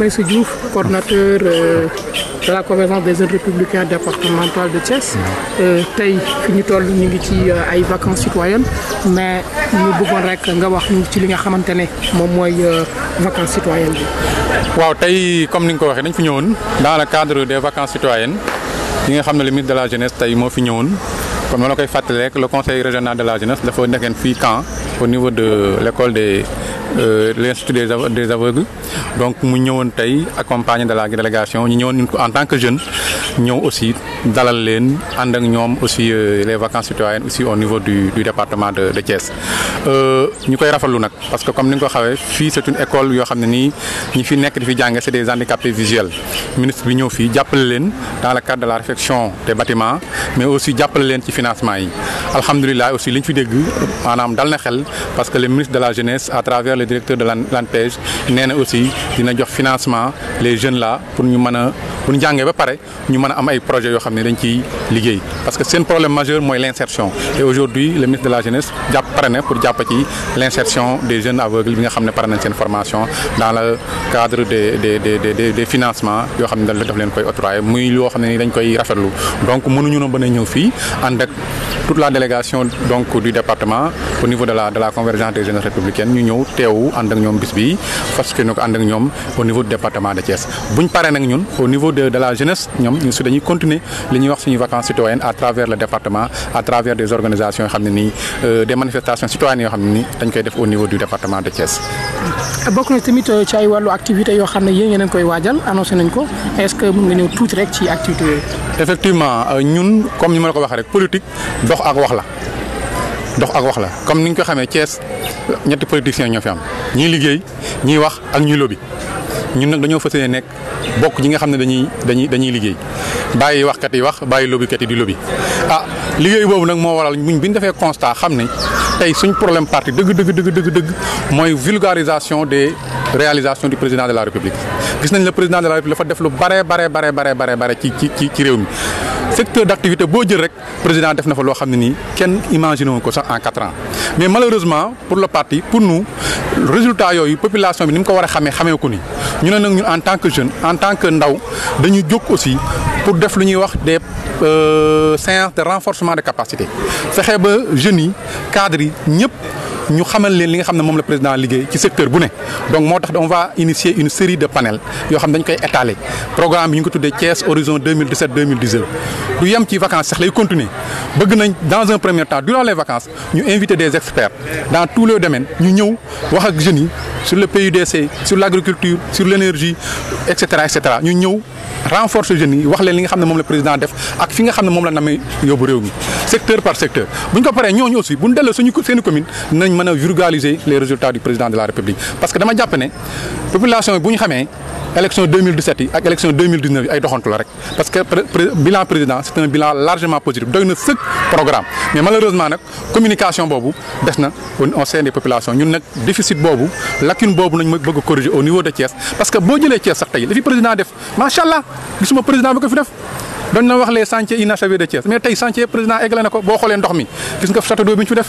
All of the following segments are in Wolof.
Maïsou Diouf, coordinateur euh, de la convention des jeunes républicains départementales de Thiès. Euh, nous ñu toll euh, vacances citoyennes mais nous devons rek nga wax ñu ci li nga xamante euh, vacances citoyennes bi. waaw comme ni nga dit, fi dans le cadre des vacances citoyennes yi nga xam le de la jeunesse tey moo fi ñëwoon. comme ma la koy le conseil régional de la jeunesse dafa fait un camp au niveau de l'école des. Euh, l'Institut des des aveugles donc nous sommes accompagnés accompagné de la délégation nous en tant que nous nous aussi dalal leen ànd ak aussi euh, les vacances citoyennes aussi au niveau du du département de de Thiès euh, ñu parce que comme ni avons ko c'est une école yoo xam ne ñi fi nekk des handicapés visuels ministre bi ñëw fii dans le cadre de la réfection des bâtiments mais aussi jàppale leen ci financement yi alhamdulilah aussi liñ fi dégg parce que le ministre de la jeunesse à travers le directeur de l'ANPEJ nee aussi dina jox financement les jeunes là pour nous mën pour nous ba pare ñu projets parce que c'est un problème majeur moi, l'insertion. et aujourd'hui le ministre de la jeunesse il pour jàpp ci l'insertion des jeunes aveugles bi une formation dans le cadre des des des des financements yoo ont ne daf leen koy donc nous, na bën toute la délégation donc du département au niveau de la de la convergence des jeunes républicains, nous avons teewu un ak parce que nous avons au niveau du département de Thiès buñ paree nag au niveau de la jeunesse nous avons continué li ñuy wax suñu vacances citoyennes à travers le département à travers des organisations yoo xam ne nii euh, des manifestations citoyennes yoo xam ne nii dañ koy def au niveau du département de Thiès. bokk na tamit euh, ci ay wàllu activité yoo xam ne yéen ngeen koy waajal annoncé nañ ko est-ce que mën nga ñëw tuuti rek ci activité yooyu. effectivement euh, ñun comme ni ma la ko waxee rek politique dox ak wax la. dox ak wax la comme ni ñu ko xamee Thiès ñetti politiciens ñoo fi am ñiy liggéey ñiy wax ak ñuy lobby ñun nag dañoo fa yéene nekk bokk ñi nga xam ne dañuy dañuy dañuy liggéey bàyyi waxkat yi wax bàyyi lobbykat yi di lobby ah liggéey boobu nag moo waral muñ bi ñu defee constat xam ne tey suñ problème parti dëgg dëgg dëgg dëgg dëgg mooy vulgarisation des réalisations du président de la république gis nañ le président de la république dafa def lu bare bare bare bare bare bare ci ci ci réew mi secteur d' activité boo jël rek président def na fa loo xam ne nii kenn imaginé wu ko sax en quatre ans mais malheureusement pour le parti pour nous résultat yooyu population bi ni mu ko war a xamee xamee ko ni ñu ne nag ñu en tant que jeune en tant que ndaw dañu jóg aussi pour def lu ñuy wax de euh, séances de renforcement de capacité fexe ba jeunes yi cadres yi ñëpp. nous xamal leen li nga xamne mom président ci secteur bu donc motax on va initier une série de panels yo xamne dañ koy étaler programme de Caisse tuddé Thiès horizon 2017 2019 du yam ci vacances sax lay continuer dans un premier temps durant les vacances ñu inviter des experts dans tous les domaines Nous ñëw wax ak sur le PUDC sur l'agriculture, sur l'énergie, etc. Nous avons ñu ñëw renforcer jeunes yi wax leen li nga président def ak fi nga xamne mom la namé yobu secteur par secteur buñ ko aussi buñ delloo suñu seen commune mën vulgariser les résultats du président de la République parce que dama ma ne population bi élection 2017 et ak élection 2019 yi ay doxantu la rek parce que bilan président c'est un bilan largement positif doy na programme mais malheureusement nag communication boobu des na au sein des populations ñun nag déficit boobu lacune boobu nañ bëgg corriger au niveau de Thiès parce que boo jëlee Thiès sax tey le président def macha allah gisuma président bi ko fi def. doon na wax les chantiers inachevés de Thiès mais tey chantier président eggle na ko boo xoolee ndox mi gis nga château bi ñu def.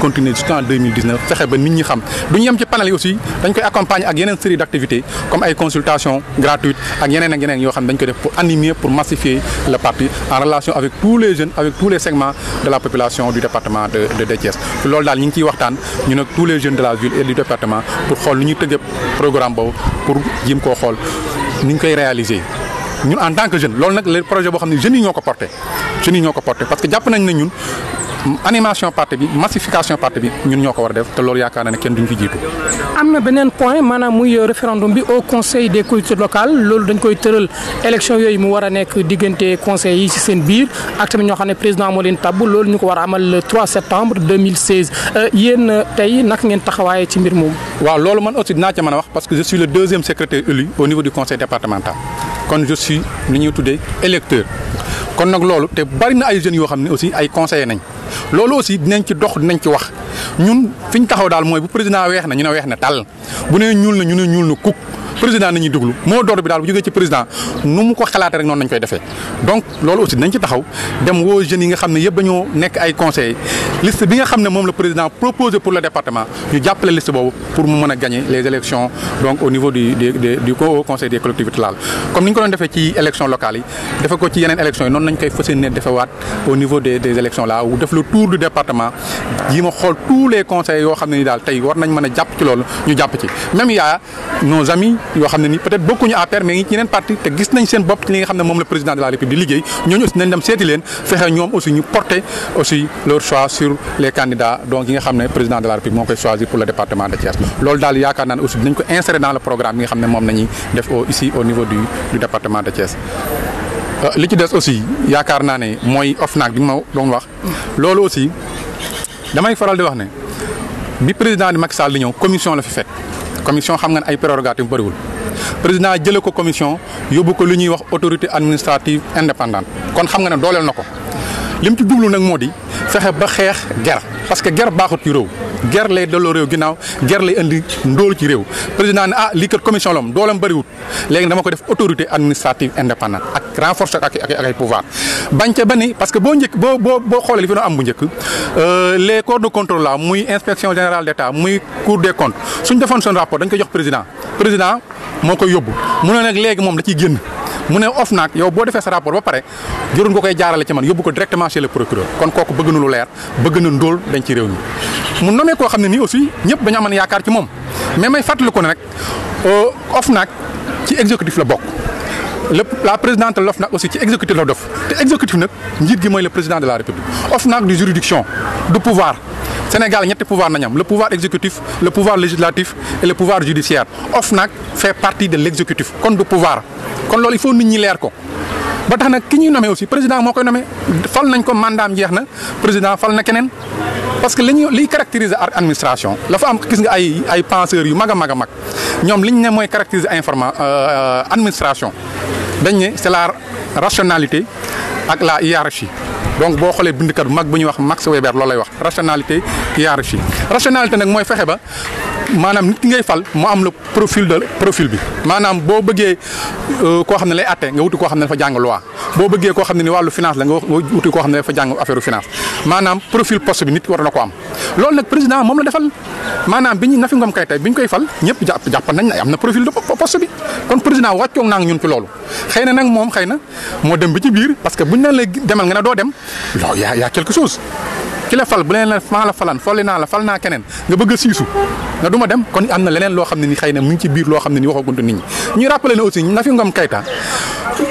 continuer jusqu'en 2019 C'est ba nit ñi xam Duñu yam ci panel aussi dañ koy accompagner ak série d'activités, comme ay consultations gratuites pour animer pour massifier le parti en relation avec tous les jeunes avec tous les segments de la population du département de de C'est loolu daal ñu ngi ciy Nous tous les jeunes de la ville et du département pour xool lu ñuy programme pour Jim koo xool ni réaliser. ñun en tant que jeune le projet boo xam jeunes yi ñoo ko porté jeunes yi parce que jàpp nañ ne animation parti bi massification parti bi ñun ñoko wara def té loolu yaakaar na ne kenn duñ fi jiitu. amna benen point manam muy référendum bi au conseil des cultures locales loolu dañ koy teurel élection yoy mu wara a nekk diggante conseil yi ci seen biir ak tamit ñoo xamné président moo leen tabb loolu ñu ko war a amal le 3 septembre 2016 yeen tay nak ngeen taxawaayee ci mbir moom waaw loolu man aussi dinaa ci mën a wax parce que je suis le deuxième secrétaire élu au niveau du conseil départemental kon je suis ni ñuy tuddee électeur kon nag loolu te bari na ay jeunes yoo xam ne aussi ay conseillers nañ. loolu aussi dinañ ci dox dinañ ci wax ñun fiñ taxaw daal mooy bu président weex na ñu ne weex na tàll bu ne ñuul na ñu ne ñuul na kuk président nañuy duglu mo door bi dal bu joge ci président nu mu ko xalaate rek non nañ koy defé donc lolu aussi nañ ci taxaw dem wo jeune yi nga xamné yeb yëpp nek ay conseillers liste bi nga xamné mom moom la président proposé pour le département ñu jàppale liste bobu pour mu mën gagner les élections donc au niveau du du du conseil des collectivités locales comme ni ñu ko doon ci élections locales yi defe ko ci yenen élection non noonu nañ koy né yéene wat au niveau des des élections là ou def le tour du département yi ma xool tous les conseils yo xamné ne ni daal tey war nañ mën japp ci lolu ñu japp ci même ya nos amis yoo xam ne ni peut bokkuñu APR mais ngi ci te gis nañ seen bopp ci li nga xam ne moom la président de la République liggéey ñooñu aussi nañ dem seeti leen fexe ñoom aussi ñu porter aussi yi nga xam ne président de la République moo koy choisir pour le département de Thiès loolu daal yaakaar naa ne aussi dinañ ko insérer dans programme nga xam ne moom nañuy def au ici au niveau du du de Thiès euh, li ci des aussi yaakaar naa ne mooy OFNAC bi ma doon wax loolu aussi damay faral di wax ne bi président di Macky Sall di ñëw commission la fi fekk commission xam nga ne ay prérogative bëriwul président jëlee ko commission yóbbu ko lu ñuy wax autorité administrative indépendante kon xam nga ne dooleel na ko lim ci jublu nag moo di fexe ba xeex ger parce que ger baaxut ci réew guerre lay delloo réew ginnaaw guerre lay indi ndol ci réew président ah lii kat commission la dolam bari wut léegi dama ko def autorité administrative indépendante ak renforcer ak ak ay pouvoir bañ ca ba parce que bo njëkk bo bo bo xoolee li fi doon am bu njëkk euh, les corps de contrôle là muy inspection générale d'État muy cour des comptes suñ defon son rapport dañ ko jox président président moko yobbu yóbbu mu ne nag léegi moom da ci genn mu ne of naag yow bo defé sa rapport ba paré jurun ko koy jaarale ci man yobbu ko directement chez le procureur kon koku bëgg na lu leer bëgg na ndóol dañ ci réew mi mu nommé koo xam ne nii aussi ñëpp dañoo amoon yaakaar ci moom mais may fàttali ko ne rek OFNAC ci exécutif la bokk lépp la présidente de l'OFNAC aussi ci exécutif la def te exécutif nag njiit gi mooy le président de la république OFNAC du juridiction du pouvoir. Sénégal ñetti pouvoir nañu am le pouvoir exécutif le pouvoir législatif et le pouvoir judiciaire OFNAC fait partie de l'exécutif. exécutif kon pouvoir kon il faut nit ñi leer ko. ba tax nag ki ñuy nommé aussi président moo koy nommé fal nañ ko mandaam jeex président fal na kenen parce que li ñuy liy caractériser administration la fa am gis nga ay ay penseurs yu maga maga mag ñom liñ ne moy caractériser euh, euh, administration dañ ne c'est la rationalité ak la hiérarchie. donc boo xoolee bindkat bu mag bu ñuy wax Max Weber loolu lay wax rationalité hiérarchie rationalité nag mooy fexe ba maanaam nit ki ngay fal mu am le profil de profil bi maanaam boo bëggee euh, koo xam ne lay atte nga wuti koo xam ne dafa jàng loi boo bëggee koo xam ne ni wàllu finance la nga wuti koo xam ne dafa jàng affaire finance maanaam profil poste bi nit war na ko am loolu nag président moom la defal maanaam bi ñu Nafi Ngom Keïta bi ñu koy fal ñëpp jàpp jàpp nañ ne am na profil de poste bi kon président wàccoog naa ñun ci loolu xëy na nag moom xëy na moo dem bi ci biir parce que buñ naan lay demal nga ne doo dem loolu yaa yaa quelque chose ki fal bu leen la maa la falan folli naa la fal naa keneen nga bëgg a siisu nga du dem kon am na leneen loo xam ne ni xëy na mu ngi ci biir loo xam ne ni waxaguntu nit ñi ñuy rappelé ne aussi Nafi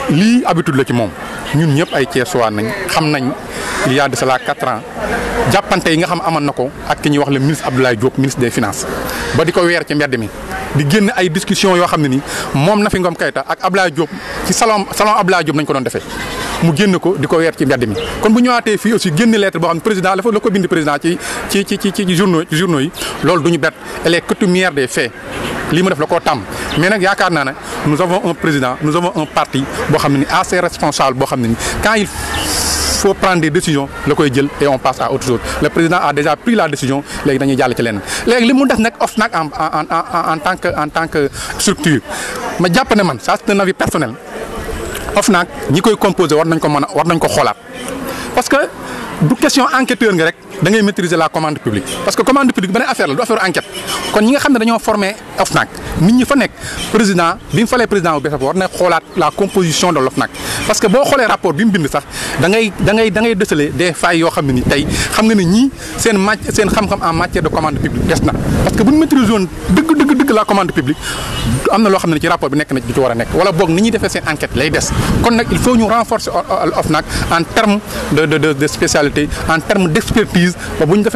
lii habitude la ci moom ñun ñëpp ay Thiessois nañ xam nañ il y a de cela quatre yi nga xam amoon na ko ak ki ñuy wax le ministre Abdoulaye Diop ministre des finances ba di ko weer ci mbedd mi di génn ay discussion yoo xam ne ni moom Nafi Ngom Keïta ak Abdoulaye Diop ci salon salon Abdoulaye Diop nañ ko doon defee mu génn ko di ko weer ci mbedd mi kon bu ñëwaatee fii aussi génn lettre boo xam président la fa la ko bind président ci ci ci ci journaux ci journaux yi loolu du ñu bett elle est coutumière des faits lii mu def la koo tàmm mais nag yaakaar naa ne nous avons un président nous avons un parti boo xam ne assez responsable boo xam ne quand il faut prendre des décisions la koy jël et on passe à autre chose le président a déjà pris la décision léegi dañuy jàll ci lenn léegi li mu def nag OFNAC en en en en tant que en tant que structure ma jàpp ne man ça c'est un avis personnel. OFNAC ñi koy composé war nañ ko mëna war nañ ko parce que du question enquêteur nga rek da ngay maîtriser la commande publique parce que commande publique beneen affaire la du affaire enquête kon ñi nga xam ne dañoo former OFNAC nit ñi fa nek président bi mu falee président bu bees war na là, la composition de l'OFNAC parce que boo xoolee rapport bi mu bind sax da ngay da ngay da ngay déceler des failles yoo xam ne ni tey xam nga ne ñii seen matière seen xam-xam en matière de commande publique des na parce que bu ñu maîtriser woon dëgg dëgg la commande publique amna lo loo ci rapport bi nek na ci war a wala boog ni ñi défé sen enquête lay dess kon nak il faut ñu renforcer OFNAC en terme de de de spécialité en terme d'expertise expertise ba bu ñu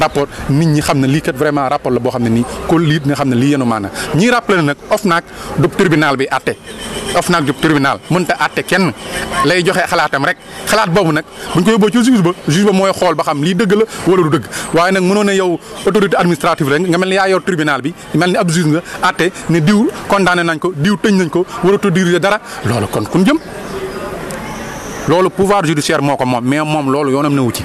rapport nit ñi xam li lii kat vraiment rapport la bo xam ni ko lii nga xam li yënu yenu maana ñiy rappelé nag OFNAC du tribunal bi àtte OFNAC du tribunal ta atté kenn lay joxé xalaatam rek xalaat boobu nak buñ ko yobbo ci juge ba juge ba moy xol ba xam li dëgg la wala du dëgg waaye nak mënon na yow autorité administrative rek nga melni ya yow tribunal bi mel ab juge nga àtte ne diw condamné nañ ko diw teñ nañ ko waratu diriger dara loolu kon kun jëm loolu pouvoir judiciaire moo ko moom mais moom loolu yoonam newu ci.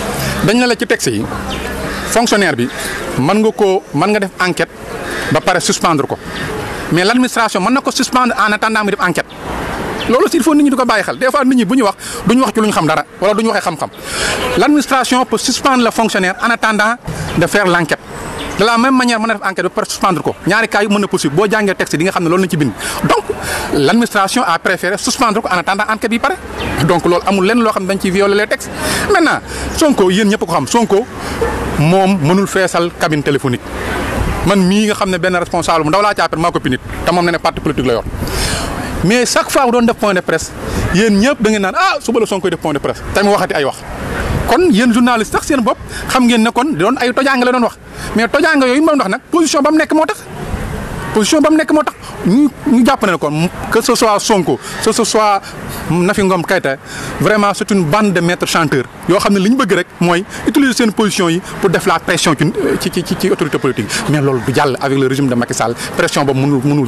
dañ na la ci texte yi fonctionnaire bi mën nga koo mën nga def enquête ba pare suspendre ko mais l' administration mën na ko suspendre en attendant mu def enquête loolu aussi il faut nit ñi di ko bàyyi xel des nit ñi bu wax du wax ci lu ñu xam dara wala du ñu waxee xam-xam l' administration peut suspendre le fonctionnaire en attendant de faire l' enquête de la même na def enquête ba pare suspendre ko ñaari cas yu na possible boo jàngee texte l'administration a préféré suspendre ko en attendant enquête yi pare donc loolu amul lenn loo xam ne dañ ciy violer les textes maintenant Sonko yéen ñëpp ko xam Sonko moom mënul feesal cabine téléphonique man mi nga xam ne benn responsable ndaw la caapare maa ko pinit ta mom ne parti politique la yor mais chaque fois doon def point de presse yeen ñëpp da ngeen naan ah suba la Sonko def point de presse te mu waxati ay wax. kon yeen journaliste sax seen bop xam ngeen ne kon doon ay tojang la doon wax mais tojaanga yooyu mom wax nak position bam nek nekk moo position bam nek nekk moo nous, que ce soit Sonko que ce soit Nafi Ngom vraiment c'est une bande de maîtres chanteurs Nous avons utilisé li utiliser position pour faire la pression qui ci ci autorité politique. mais loolu du avec le régime de Macky Sall pression ne mënul mënul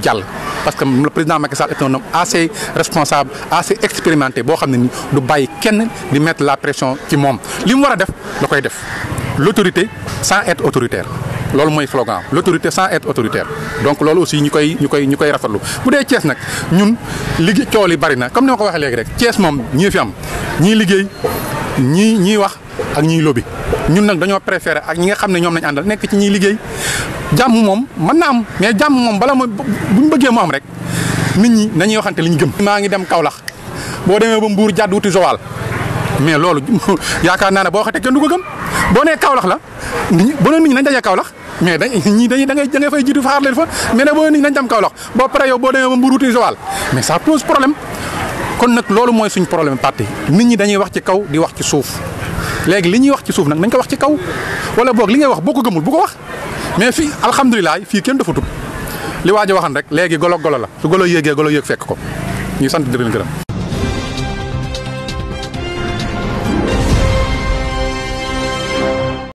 parce que le président Macky Sall est un homme assez responsable assez expérimenté Il ne faut du mettre la pression qui monte. li Ce war a def L'autorité, sans être autoritaire. loolu mooy flogan l' autorité sans être autoritaire donc loolu aussi ñu koy ñu koy ñu koy rafetlu bu dee Thiès nag ñun liggé cool yi bari na comme ni ma ko waxee léegi rek Thiès moom ñii fi am ñii liggéey ñii ñii wax ak ñii lobby ñun nag dañoo préféré ak ñi nga xam ne ñoom lañ àndal nekk ci ñiy liggéey jàmm moom mën na am mais jàmm moom bala ma buñ bëggee mu am rek nit ñi nañuy waxante li ñu gëm. maa ngi dem Kaolack boo demee ba Mbour jàdd wuti Zoal mais loolu yaakaar naa ne boo xatee kenn du ko gëm boo nee Kaolack la nit ñi ba nit ñi nañ dajee Kaolack mais dañ ñii dañuy da ngay da ngay fay jiitu faxaar leen fa mais nag boo ni nañ dem Kaolack boo paree yow boo demee ba Mbour wuti Joal mais ça pose problème kon nag loolu mooy suñ problème parti nit ñi dañuy wax ci kaw di wax ci suuf léegi li ñuy wax ci suuf nag dañ ko wax ci kaw wala boog li ngay wax boo ko gëmul bu ko wax mais fi alhamdulilah fii kenn dafa li waa ji waxan rek léegi golo golo la su golo yéegee golo yéeg fekk ko ñuy sant di leen gërëm